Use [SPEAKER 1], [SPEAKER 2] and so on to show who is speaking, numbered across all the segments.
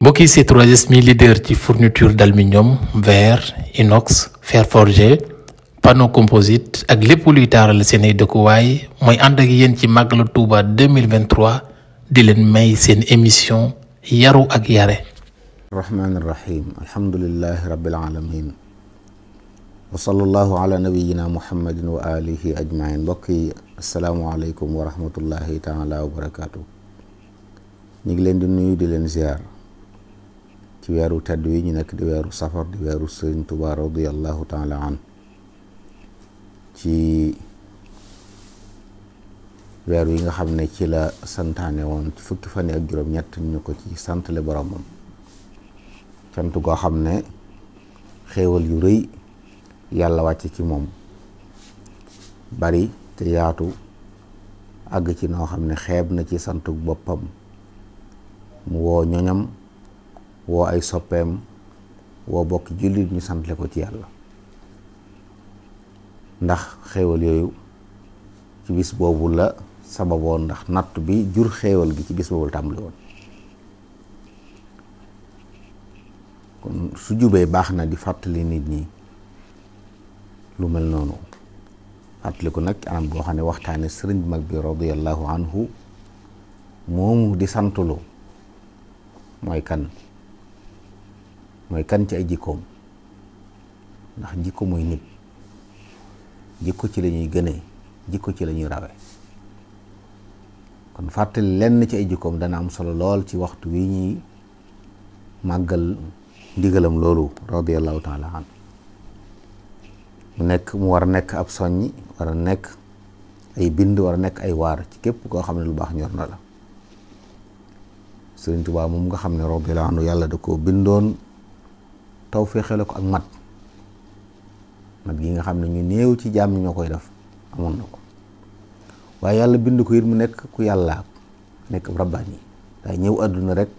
[SPEAKER 1] mbokki c'est 3S mi leader ci fourniture d'aluminium verre inox fer forgé panneau composite ak lépp luy taaral seen ay dëkkuwaay mooy ànd ak yéen ci màggalu Touba 2023 di leen may seen émission yaru ak yare rahmaani rahim alhamdulilahi rabbil alamin wa sallallahu ala nabiyina muhammadin wa alihi ajmain mbokk yi asalaamualeykum wa rahmatullahi taala wa barakaatu ngi leen di nuyu di leen ziar ci weeru tedd wi ñu nekk di weeru safar di weeru sëriñ Tuubaa radiallahu taala an ci weer yi nga xam ne ci la santaane woon fukki fan ak juróom-ñett ñu ko ci santale boromam sant goo xam ne xéewal yu rëy yàlla wàcce ci moom bari te yaatu àgg ci noo ne xeeb na ci santuk boppam mu woo ñoñam woo ay soppeem woo bokk jullit ñu santle ko ci yàlla ndax xéewal yooyu ci bis boobu la sababoon ndax natt bi jur xéewal gi ci bis boobu la tàmbali woon kon su jubee baax na di fàttali nit ñi lu mel noonu fàttali ko nag anam boo xam ne waxtaane sëriñ mag bi radiyallahu anhu moomu di santulu mooy kan mooy kan ci ay jikkoom ndax jikko mooy nit jikko ci lañuy ñuy gënee jikko ci lañuy ñuy kon fàttali lenn ci ay jikkoom dana am solo lool ci waxtu wi ñuy màggal ndigalam loolu radiallahu taala an mu nekk mu war a nekk ab soññi war a nekk ay bind war a nekk ay waar ci képp koo xam ne lu baax ñor na la Sëriñ Tuubaa moom nga xam ne radiallahu yàlla da koo bindoon taw féexale ko ak mat mat gi nga xam ne ñu néew ci jaam ñoo koy def amoon na ko waaye yàlla bind ko it mu nekk ku yàlla nekk rabbaani day ñëw àdduna rek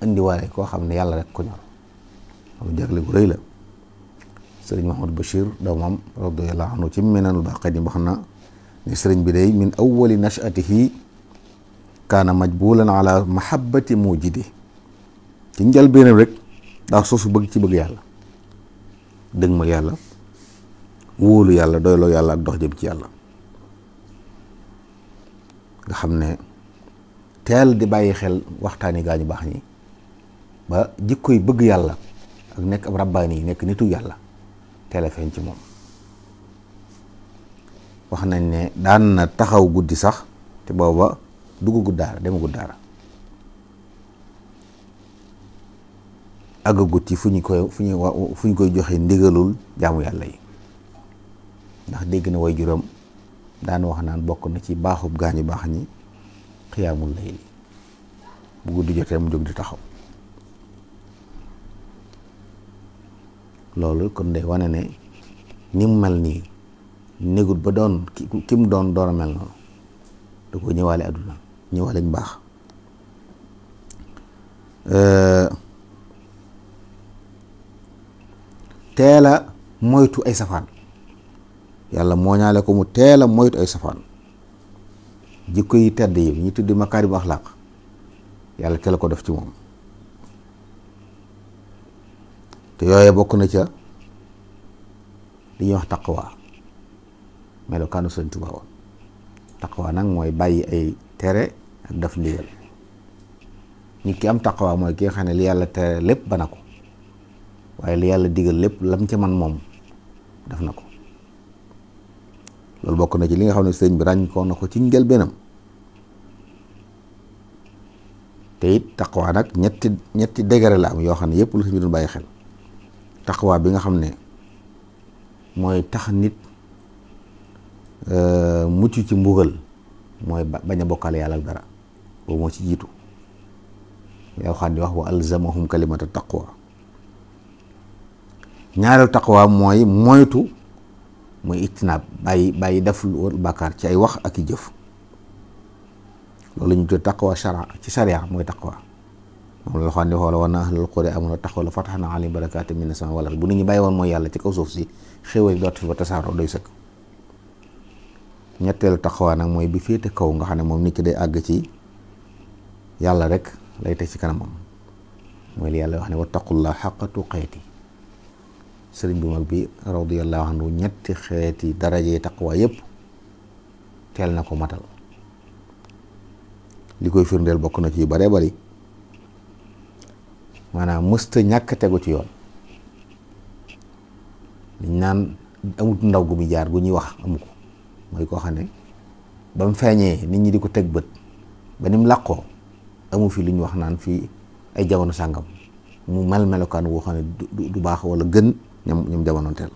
[SPEAKER 1] indiwaale koo xam ne yàlla rek ko ñor ko jagle bu rëy la sëriñ Mahmoud Bachir doomam radiyallahu anhu ci Minanul Baaqi wax na ne sëriñ bi day min awwali nachatihi kaana majbulan ala mahabbati mujidi ci njëlbéenam rek daa sosu bëgg ci bëgg yàlla dëgmal yàlla wóolu yàlla doyloo yàlla ak dox jëm ci yàlla nga xam ne teel di bàyyi xel waxtaani gaa ñu baax ñi ba jikkoy bëgg yàlla ak nekk ab rabbaani yi nekk nitu yàlla teel a feeñ ci moom wax nañ ne daan na taxaw guddi sax te booba dugg guddaara dema guddaara àggagut yi fu ñu koy fu ñu fu ñu koy joxe ndigalul jaamu yàlla yi ndax dégg na way juróom daan wax naan bokk na ci baaxub gaañu baax ñi xiyaamul layli bu guddi jotee mu jóg di taxaw loolu kon day wane ne ni mu mel nii négut ba doon ki mu doon doon a mel noonu da ko ñëwaale àdduna ñëwaale bu baax euh, teel a moytu ay safaan yàlla moo ñaale ko mu teel a moytu ay safaan jikko yi tedd yi ñu tuddi makaarim làq yàlla teel ko def ci moom te yooye bokk na ca li ñuy wax taqwa melokaanu Sëñ Tuubaa woon taqwa nag mooy bàyyi ay tere ak def ndigal nit ki am taqwa mooy ki nga xam ne li yàlla tere lépp ba na ko waaye lu yàlla diggal lépp lam ca man moom def na ko loolu bokk na ci li nga xam ne sëñ bi ràññikoo na ko ci njëlbéenam te it nag ñetti ñetti degré la am yoo xam ne yëpp lu sëñ bi doon bàyyi xel taqwa bi nga xam ne mooy tax nit euh, mucc ci mbugal mooy bañ a bokkale yàlla ak dara boobu moo ci jiitu yaa xam ne wax wa alzamahum kalimata taqwa ñaareel taqwa mooy moytu muy ijtinaab bàyyi bàyyi def lu wër bàkkaar ci ay wax ak i jëf loolu ñu tudd taqwa shara ci sharia mooy taqwa moom la xam ne xoola war na ahlul qura amuna taqwa la fataxna alayhim barakaati mina sama wala bu nit ñi bàyyi woon mooy yàlla ci kaw suuf si xéwal doot fi ba tasaaroo doy sëkk ñetteelu taqwa nag mooy bi féete kaw nga xam ne moom nit ki day àgg ci yàlla rek lay teg ci kanamam mooy li yàlla wax ne wattaqullaha xaqa tuqaati sëriñ bu mag bi radiyallahu anhu ñetti xeeti daraje taqwa yëpp teel na ko matal li koy firndeel bokk na ci bare bari maanaam mësta ñàkk tegu ci yoon liñ naan amut ndaw gu mu jaar gu ñuy wax amu ko mooy koo xam ne ba mu feeñee nit ñi di ko teg bët ba ni mu làqoo amu fi lu ñu wax naan fii ay jamono sàngam mu mel melokaan woo xam ne du baax wala gën ñam ñam jamono teel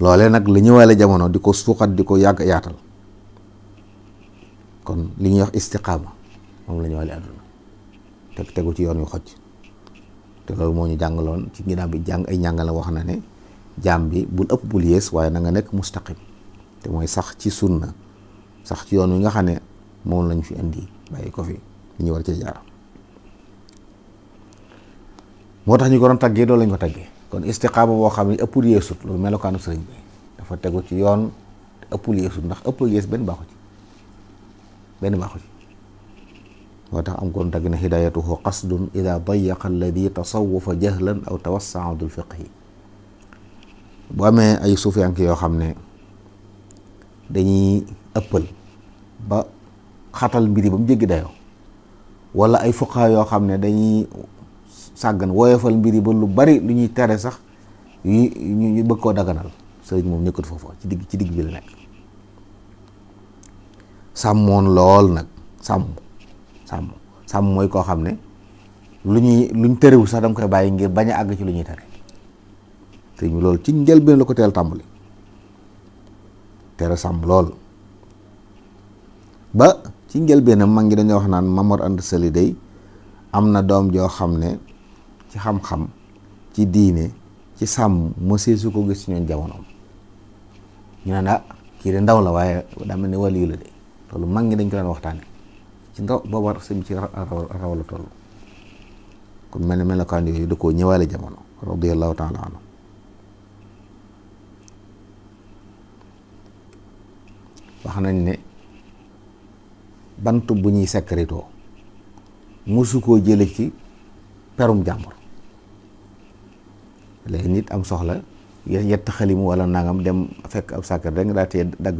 [SPEAKER 1] loole nag li ñëwaale jamono di ko suuxat di ko yàgg yaatal kon li ñuy wax istiqaama moom la ñëwaale àdduna te tegu ci yoon yu xoj te loolu moo ñu jàngaloon ci ginnaaw bi jàng ay njàngale wax na ne jaam bi bul ëpp bul yées waaye na nga nekk mustaqim te mooy sax ci sunna sax ci yoon wi nga xam ne moom lañ fi indi bàyyi ko fi li ñu war cee jaar moo tax ñu ko doon taggee loolu lañ ko taggee kon istiqaama boo xam ne ëppul yeesut loolu melokaanu sëriñ bi dafa tegu ci yoon ëppul yeesut ndax ëpp yees benn baaxu ci benn baaxu ci moo tax am koon tagg na hidayatuhu qasdun ida dayaqa alladi tasawufa jahlan aw tawassaa dul yi bu amee ay suufiyank yoo xam ne dañuy ëppal ba xatal mbiri ba mu jéggi dayoo wala ay fuqaa yoo xam ne dañuy sàggan woyofal mbir yi ba lu bari lu ñuy tere sax yu ñu bëgg koo daganal sëriñ moom nekkul foofu ci digg ci digg bi la nekk sàmmoon lool nag sàmm sàmm sàmm mooy koo xam ne lu ñuy luñ terewu sax danga koy bàyyi ngir bañ àgg ci lu ñuy tere sëriñ bi loolu ci njëlbeen la ko teel tàmbali tere sàmm lool ba ci njëlbeenam ma ngi dañoo wax naan Mamor and Sali day am na doom joo xam ne ci xam-xam ci diine ci sàmm mosee su ko gis ci ñoom jamonoom ñu naan ah, kii de ndaw la waaye daa mel ne waliyu la de loolu mag ñi dañ ko daan ci ndaw booba sëñ ci raw la mel ne melokaan yooyu da jamono radiyallahu taala anhu wax nañ ne bant bu ñuy sekkaritoo mosu koo jële ci perum jàmbur léegi nit am soxla yett xalimu wala nangam dem fekk ab sàkkar rek nga daa tee dagg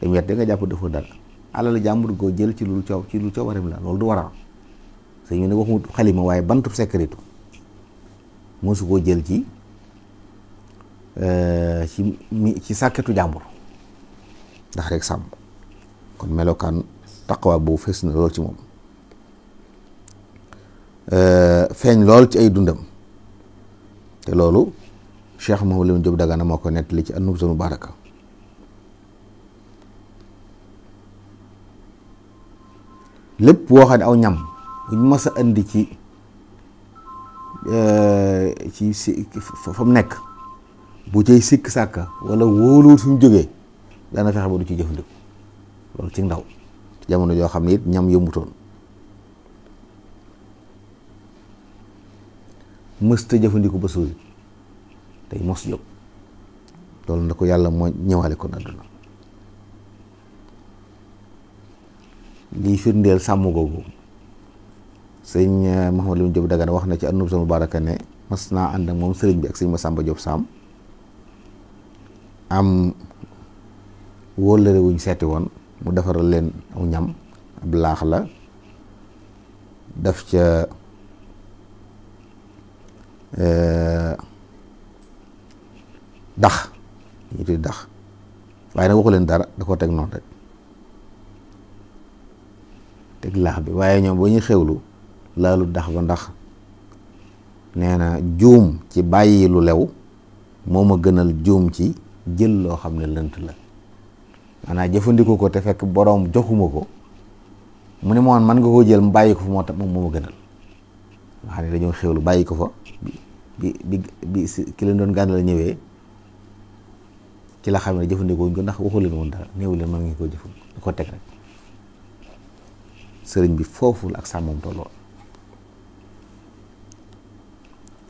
[SPEAKER 1] dem yett nga jàpp defoo dara alal jàmbur goo jël ci lu coow ci lu coowareem la loolu du waral sëñ bi ne waxu xalima waaye bantub sécurité mosu koo jël ci euh, ci ci sàkketu jàmbur ndax rek kon melokaan taqwa boobu fees na lool ci moom euh, feeñ lool ci ay dundam te loolu Cheikh Mouhamadou Lamine Diop Dagana moo ko nettali ci an-Nubzatul Mubaraka lépp woo xam ne aw ñam bu mas a indi ci eh, ci si fa mu nekk bu cay sikk sàkka wala wóoluwul suñu jógee dana fexe ba du ci jëfandiku loolu ci ndaw jamono joo xam ne it ñam yëmbutoon mësta jëfandiku ba suuy tey mos jóg loolu na ko yàlla moo ñëwale kon àdduna lii firndeel sàmm googu sëñ Mouhamadou Lamine Diop Dagana wax na ci àdduna bu mubaaraka ne mas naa ànd ak moom sëriñ bi ak sëñ Massamba Diop Sam am wóllëre wuñ seeti woon mu defaral leen aw ñam ab laax la daf ca Euh, dax ñu tuddee dax waaye nag waxu leen dara da koo teg noonu rek teg laax bi waaye ñoom ba ñu xewlu laalu dax ba ndax nee na juum ci bàyyi lu lew moo ma gënal juum ci jël loo xam ne lënt la maanaam jëfandikoo ko te fekk boroom joxuma ko mu ne ma man nga koo jël mu bàyyi ko fa moo tax moom moo ma gënal nga xam ne dañoo xewlu bàyyi ko fa bi bi bi si ki leen doon gàddal ñëwee ci la xam ne jëfandikoo wuñ ko ndax waxu leen woon dara néew leen mën ngeen koo jëfandikoo da ko teg rek sëriñ bi foofu la ak sàmmam tolloo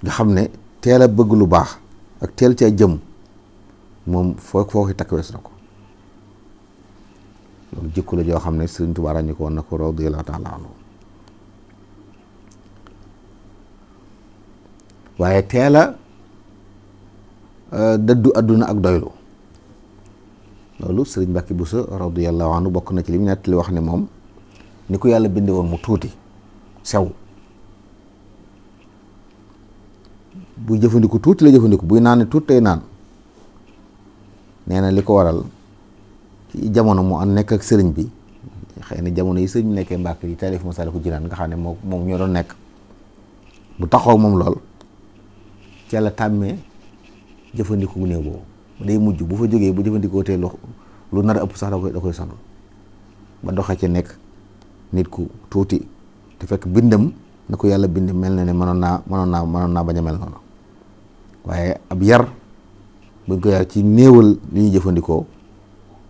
[SPEAKER 1] nga xam ne teel a bëgg lu baax ak teel caa jëm moom foo foo takk wees na ko loolu jikko la joo xam ne sëriñ Tuubaa ràññi ko woon na ko radiyallaahu taala anhu waaye teel a euh, dëddu àdduna ak doylu loolu sëriñ Mbàkke Buso radiyallahu anhu bokk na ci li mu li wax ne moom ni ko yàlla bindee woon mu tuuti sew bu jëfandiku tuuti la jëfandiku buy naan tuuti tey naan nee na li ko waral jamono mu am nekk ak sëriñ bi xëy na jamono yi sëriñ bi nekkee Mbàkke yi taalif Masaalikul Jinaan nga xam ne moom ñoo doon nekk bu taxaw moom lool ca la tàmmee jëfandiku néew boobu day mujj bu fa jógee bu jëfandikoo tee lu lu nar a ëpp sax da koy da koy sonal ba doxa ci nekk nit ku tuuti te fekk bindam na ko yàlla bind mel na ne mënoon naa mënoon naa mënoon naa bañ a noonu waaye ab yar buñ ko yar ci néewal li ñuy jëfandikoo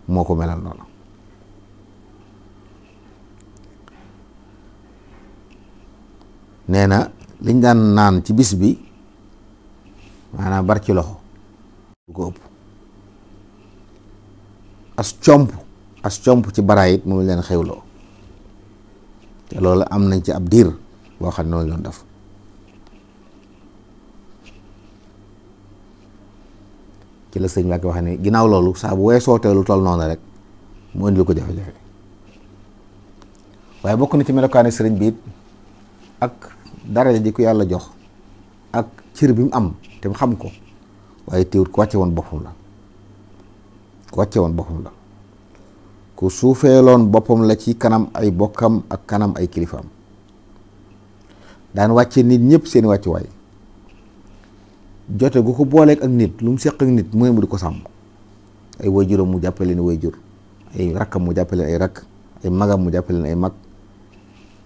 [SPEAKER 1] moo ko melal noonu nee na liñ daan naan ci bis bi maanaa bari ci loxo du ko ëpp as comp as comp ci baraay it moom leen xewloo te loolu am nañ ci ab diir boo xam ne noonu loon def ci la sëñ Mbàkke wax ginnaaw loolu saa bu weesoo te lu toll noonu rek mu indi lu ko jafe-jafe waaye bokk na ci melokaani sëriñ bi it ak dara ji ku yàlla jox ak cir bi mu am te mu xam ko waaye teewut ku wàcce woon boppam la ku wàcce woon boppam la ku suufeeloon boppam la ci kanam ay bokkam ak kanam ay kilifaam daan wàcce nit ñëpp seen wàccuwaay jote gu ko booleeg ak nit lu mu seq ak nit mooy mu di ko sàmm ay waajuram mu jàppale leen waajur ay rakkam mu jàppale leen ay rakk ay magam mu jàppale leen ay mag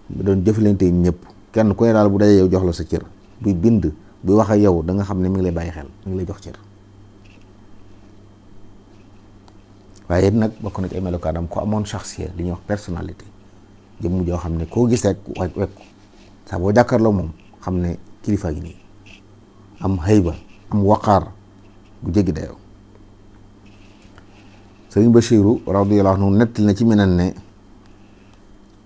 [SPEAKER 1] doon jëflante ñëpp kenn ku ne daal bu dajee jox la sa cër buy bind bu wax ak yow danga xam ne mi ngi lay bàyyi xel mu ngi lay jox cër waaye it nag bokk na ci ay melokaanam ku amoon chaxsiya li ñuy wax personnalité jëmm joo xam ne koo gisee ko wekk sax boo jàkkaarloo moom xam ne kilifaa gi nii am xayba am waqaar bu jéggi dayoo sëriñ Bachiru radiyallahu anhu nettali na ci meneen ne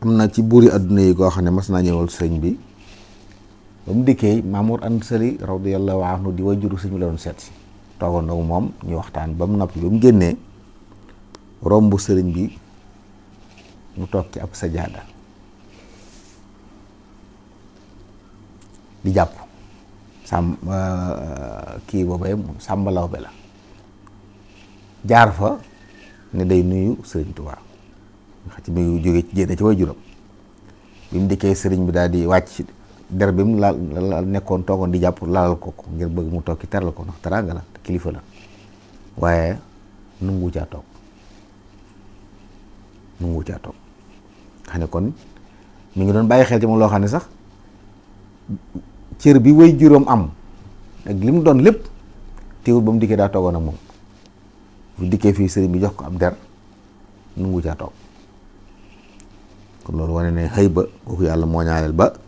[SPEAKER 1] am na ci buuri àdduna yi koo xam ne mas naa ñëwal sëriñ bi ba mu dikkee Mamour Ansari radiyallahu anhu di way juru suñu la doon seet si toogoon ak moom ñu waxtaan ba mu noppi ba mu génnee romb sëriñ bi mu toog ci ab sajaada di jàpp sàmm euh, kii boobee sàmbalaw be la jaar fa ne day nuyu sëriñ Tuubaa nga xam ci ci jénne ci way juram bi mu dikkee sëriñ bi daal di wàcc der bi mu laal la nekkoon toogoon di jàpp laalal ko ko ngir bëgg mu toog ki teral ko ndax teraanga la kilifa la waaye nungu caa toog nungu caa toog xam ne kon mu ngi doon bàyyi xel ci moom loo xam ne sax cër bi way juróom am ak li doon lépp teewul ba mu dikkee daa toogoon ak moom bu dikkee fii sëriñ bi jox ko am der nungu caa toog kon loolu wane ne xëy ba kooku yàlla moo ñaareel ba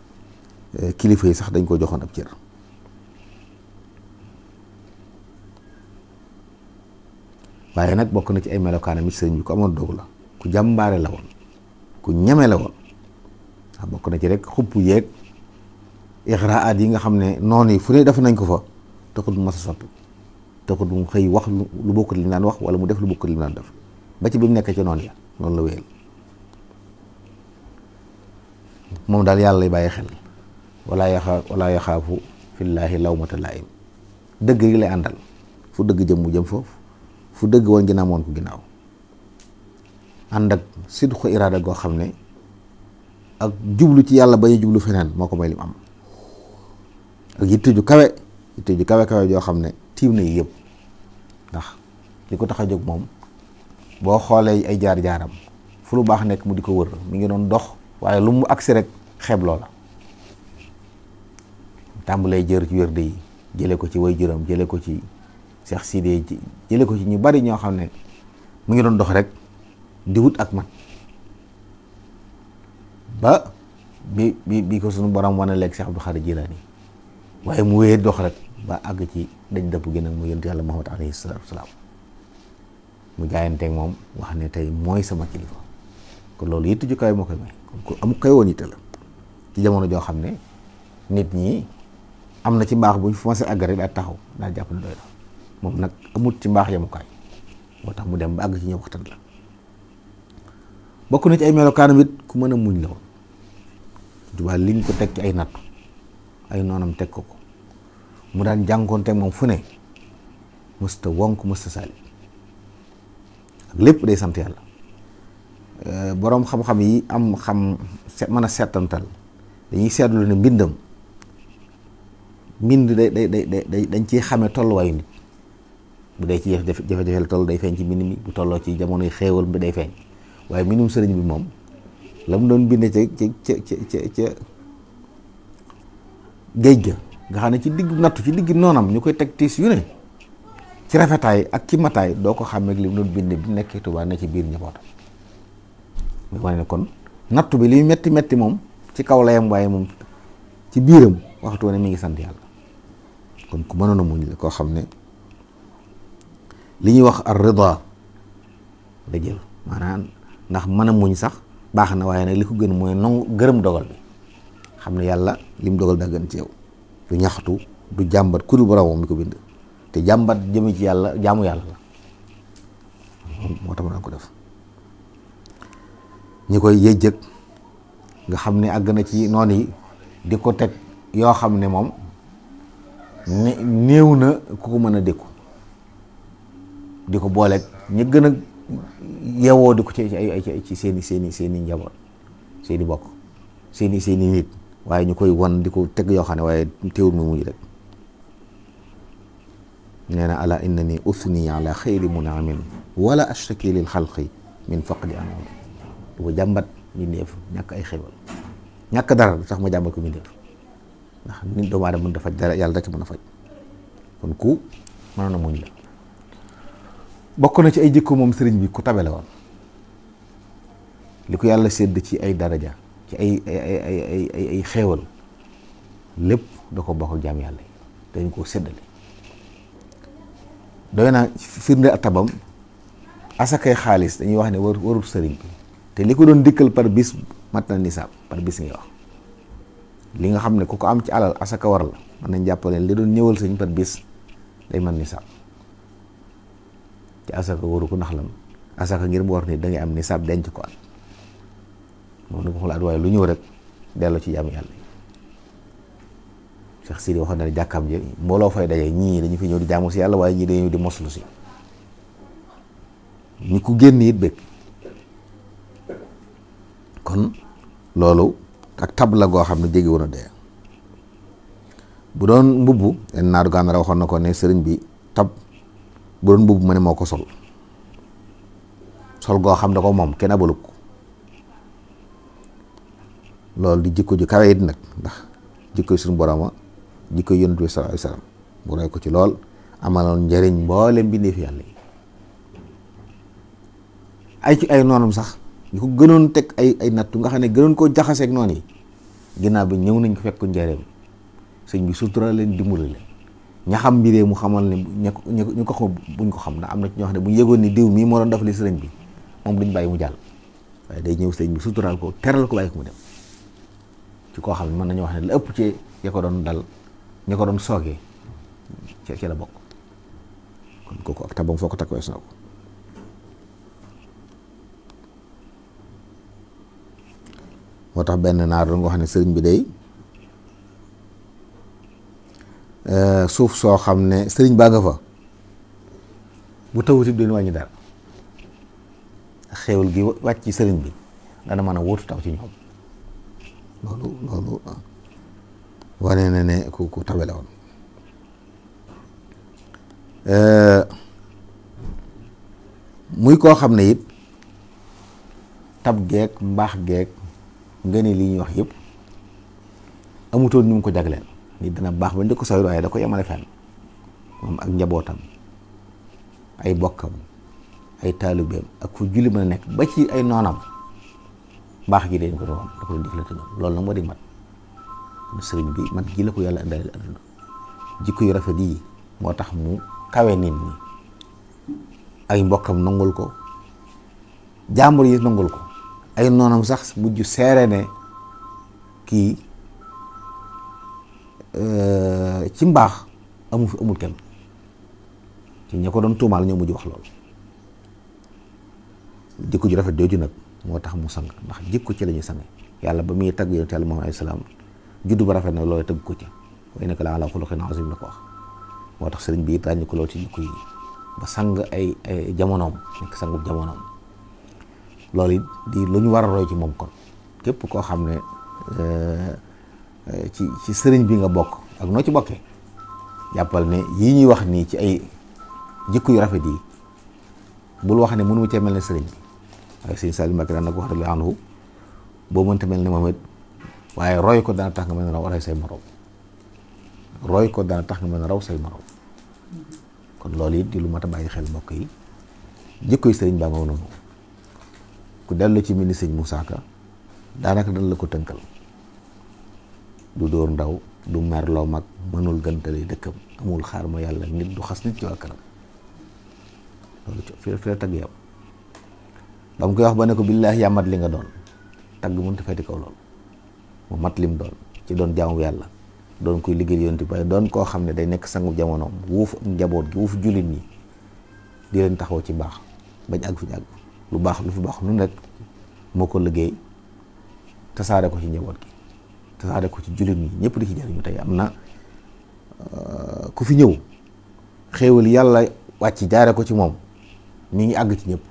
[SPEAKER 1] Euh, kilifa yi sax dañ ko joxoon ab cër waaye nag bokk na ci ay melokaanam it sëriñ bi ko amoon dogu la ku jàmbaare la woon ku ñeme la woon ndax bokk na ci rek xupp yeeg ixraat yi nga xam ne noonu yi fu ne def nañ ko fa taxul mu mas a soppi taxul mu xëy wax lu bokkul li mu daan wax wala mu def lu bokkul li mu daan def ba ci bi mu nekk ci noon ya noonu la wéyal moom daal yàlla lay bàyyi xel wala yaxa wala yaxaafu fillaahi lawmata laa'im dëgg yi lay àndal fu dëgg jëm mu jëm foofu fu dëgg woon ginnaaw moon ko ginnaaw ànd ak sidqu iraada goo xam ne ak jublu ci yàlla ba ñu jublu feneen moo ko may lim am ak yitte ju kawe yitte kawe kawe joo xam ne tiim na yi yëpp ndax li ko tax a jóg moom boo xoolee ay jaar jaaram fu lu baax nekk mu di ko wër mu ngi doon dox waaye lu mu agsi rek xeeb loola tàmbalee jër ci wérde yi jële ko ci way juróom jële ko ci Cheikh Sidé jële ko ci ñu bari ñoo xam ne mu ngi doon dox rek di wut ak man ba bi bi ko sunu borom wane léegi Cheikh Abdou Khadir Jilani waaye mu wéyee dox rek ba àgg ci dañ dëpp gi nag mu yonent yàlla Muhammad alayhi mu jaayanteeg moom wax ne tey mooy sama kilifa kon loolu yittu ju kaw moo koy may am koy yitte la ci jamono joo xam ne nit ñi am na ci mbaax buñ fu ma seen àgg rek taxaw daal jàpp ne doy na moom nag amut ci mbaax yemukaay moo tax mu dem ba àgg ci ñëw waxtaan la bokk na ci ay melokaanam it ku mën a muñ la woon jubal liñ ko teg ci ay nattu ay noonam teg ko ko mu daan jànkoonte moom fu ne mësta wonk mësta saali ak lépp day sant yàlla eh, boroom xam-xam yi am xam mën a seetantal dañuy seetlu ne mbindam mbind day day day day dañ ciy xamee tolluwaayu nit bu dee ci jafe-jafe la toll day feeñ ci mbind mi bu tolloo ci jamonoy xéewal bi day feeñ waaye mbindum sëriñ bi moom la mu doon bind ca ca ca ca ca géej ga nga ci digg nattu ci digg noonam ñu koy teg tiis yu ci rafetaay ak ci mataay doo ko xàmmee ak li bind bi nekkee Tuubaa ne ci biir njabootam muy wane ne kon nattu bi li metti metti moom ci kaw waaye moom ci biiram waxtu ne mi ngi sant yàlla kon ku mënoon a muñ la koo xam ne li ñuy wax ar rida la jël maanaam ndax mën a muñ sax baax na waaye nag li ko gën mooy nangu gërëm dogal bi xam ne yàlla lim dogal daa gën ci yow ñaxtu du jàmbat ku dul ko bind te jàmbat jëme ci yàlla jaamu yàlla la moo tax ma ko def ñi koy yëjjëg nga xam ne àgg na ci noonu yi di ko teg yoo xam ne moom ne na ku ko mën a dékku di ko booleeg ñu gën a yewoo di ko ci ay ci seeni seeni seeni njaboot seeni bokk seeni seeni nit waaye ñu koy won di ko teg yoo xam ne waaye teewul mu mujj rek nee na ala inna ni uthni ala mun a wala ashtaki lil xalqi min faqdi anam di ko jàmbat ñu néef ñàkk ay xéwal ñàkk dara sax ma jàmbat ko ñu néef ndax nit doomu aadama mën dafa dara yàlla da rek mën a faj kon ku mënoon a muñ la bokk na ci ay jikko moom sëriñ bi ku tabale woon li ko yàlla sedd ci ay daraja ci ay ay ay ay ay ay lépp da ko bokk ak jaam yàlla yi dañ koo séddale doy naa firnde ak tabam asakay xaalis dañuy wax ne war warul sëriñ bi te li ko doon dikkal par bis mat nisaab par bis ngay wax li nga xam ne ku ko am ci alal asaka war la mën nañ jàppale li doon ñëwal sëñ par bis day man nisaab ci asaka waru ko ndax lan asaka ngir mu war ni da ngay am nisaab denc ko at moom na ko xulaat waaye lu ñëw rek delloo ci jaamu yàlla Cheikh Sidi waxoon na ne jàkkaam ji mbooloo fay daje ñii dañu fi ñëw di jaamu si yàlla waaye ñii dañu di moslu si ñu ko génn it bëgg kon loolu ak tab la goo xam ne jéggi woon a dee bu doon mbubb yenn naadu gànnaar waxoon na ko ne sëriñ bi tab bu doon mbubb ma ne moo ko sol sol goo xam ne ko moom kenn abalug loolu di jikko ju kawe nag ndax jikko suñu boroma jikko yonent bi sallallahu alayhi wasallam bu roy ko ci lool amaloon njëriñ mboolem mbindeef yàlla yi ay ci ay noonam sax ñu ko gënoon teg ay ay nattu nga xam ne gënoon koo jaxaseeg noonu yi ginnaaw bi ñëw nañ ko fekk njareem sëñ bi sutura leen dimbali leen ña xam mbiree mu xamal ne ña ko ñu ko xam buñ ko xam ndax am na ñoo wax ne bu ñu yëgoon ni diw mii moo doon def li sëriñ bi moom duñ bàyyi mu jàll waaye day ñëw sëriñ bi suturaal ko teral ko bàyyi ko mu dem ci koo xam ne mën nañu wax ne la ëpp ci ya ko doon dal ña ko doon soogee ci la bokk kon kooku ak tabam foo ko takk wees na tax benn naar doon wax ne sëriñ bi day euh, suuf soo xam ne sëriñ baa nga fa bu tawutib dina wàññi dara xéewal gi wàcc sëriñ bi dana mën a wóotu taw ci ñoom ah, wane na ne ku ku euh, muy koo xam ne it tab geek mbaax geek nga ne lii ñuy wax yépp amutoon ñu mu ko jagleen nit dana baax ba njëkk ko sawir waaye da ko yemale fenn moom ak njabootam ay mbokkam ay taalibeem ak fu julli nekk ba ci ay noonam baax gi dañ ko da ko doon jëflante loolu mat kon sëriñ bi ko yàlla indaale adduna jikko yu rafet yi moo tax mu nit ñi ay mbokkam nangul ko jàmbur yi nangul ko ay noonam sax mujj seere ne kii euh, ci mbaax amu fi amul kenn ci ña ko doon tuumaal ñoo mujj wax loolu jikko ju rafet jooju nag moo tax mu sang ndax jikko ci la ñu sange yàlla ba muy tagg yonent yàlla moom alayhi salaam juddu ba rafet na loolu tëgg ko ci way nekk la ala na azim la ko wax moo tax sëriñ bi it ràññi ko lool ci jikko yi ba sang ay ay jamonoom nekk sangu jamonoom loolu it di lu ñu war a roy ci moom kon képp koo xam ne euh, euh, ci ci sëriñ bi nga bokk ak noo ci bokkee jàppal ne yii ñuy wax nii ci ay jikko yu rafet yi bul wax ne mënu ma cee mel ne sëriñ bi waaye sëriñ Saliou Mbacké daan na wax rek anhu boo mënta mel ne waaye roy ko dana tax nga mën a raw say morom roy ko dana tax nga mën a raw say morom kon loolu it di lu mat a bàyyi xel mbokk yi jikko yu sëriñ baa nga woon ku dellu ci mini sëñ Moussa Ka daanaka dañ la ko tënkal du dóor ndaw du merloo mag mënul gëntali dëkkam amul xaar ma yàlla nit du xas nit ci waa kanam loolu ci yow ba mu koy wax ba ne ko billaahi yaa mat li nga doon tagg mënut a fay di kaw loolu mu mat lim doon ci doon jaamu yàlla doon koy liggéey yonti bay doon koo xam ne day nekk sangu jamonoom wuuf njaboot gi wuuf jullit ñi di leen taxaw ci baax ba àgg fi ñu àgg lu baax lu fi baax lu nekk moo ko liggéey tasaare ko ci njaboot gi tasaare ko ci jullit ñi ñëpp di ci jariñu tey am na euh, ku fi ñëw xéewal yàlla wàcc jaare ko ci moom mi ngi àgg ci ñëpp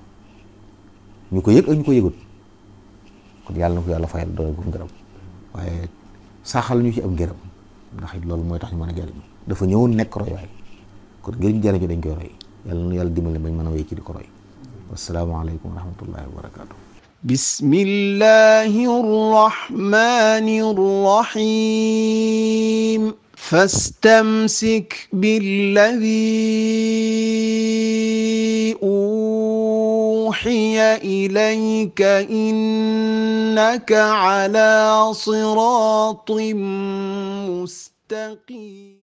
[SPEAKER 1] ñu ko yëg ak ñu ko yëgut kon yàlla na ko yàlla fayal doole gu ngërëm waaye saaxal ñu ci am ngërëm ndax it loolu mooy tax ñu mën a jariñu dafa ñëwoon nekk roy waaye kon ngir ñu jariñu dañ koy roy yàlla na yàlla dimbali bañ mën a wéy ci di ko roy wasalaamaaleykum wa rahmatullahi wa barakaatu. bismillahi rahmani rahim. فاستمسك بالذي اوحي اليك انك على صراط مستقيم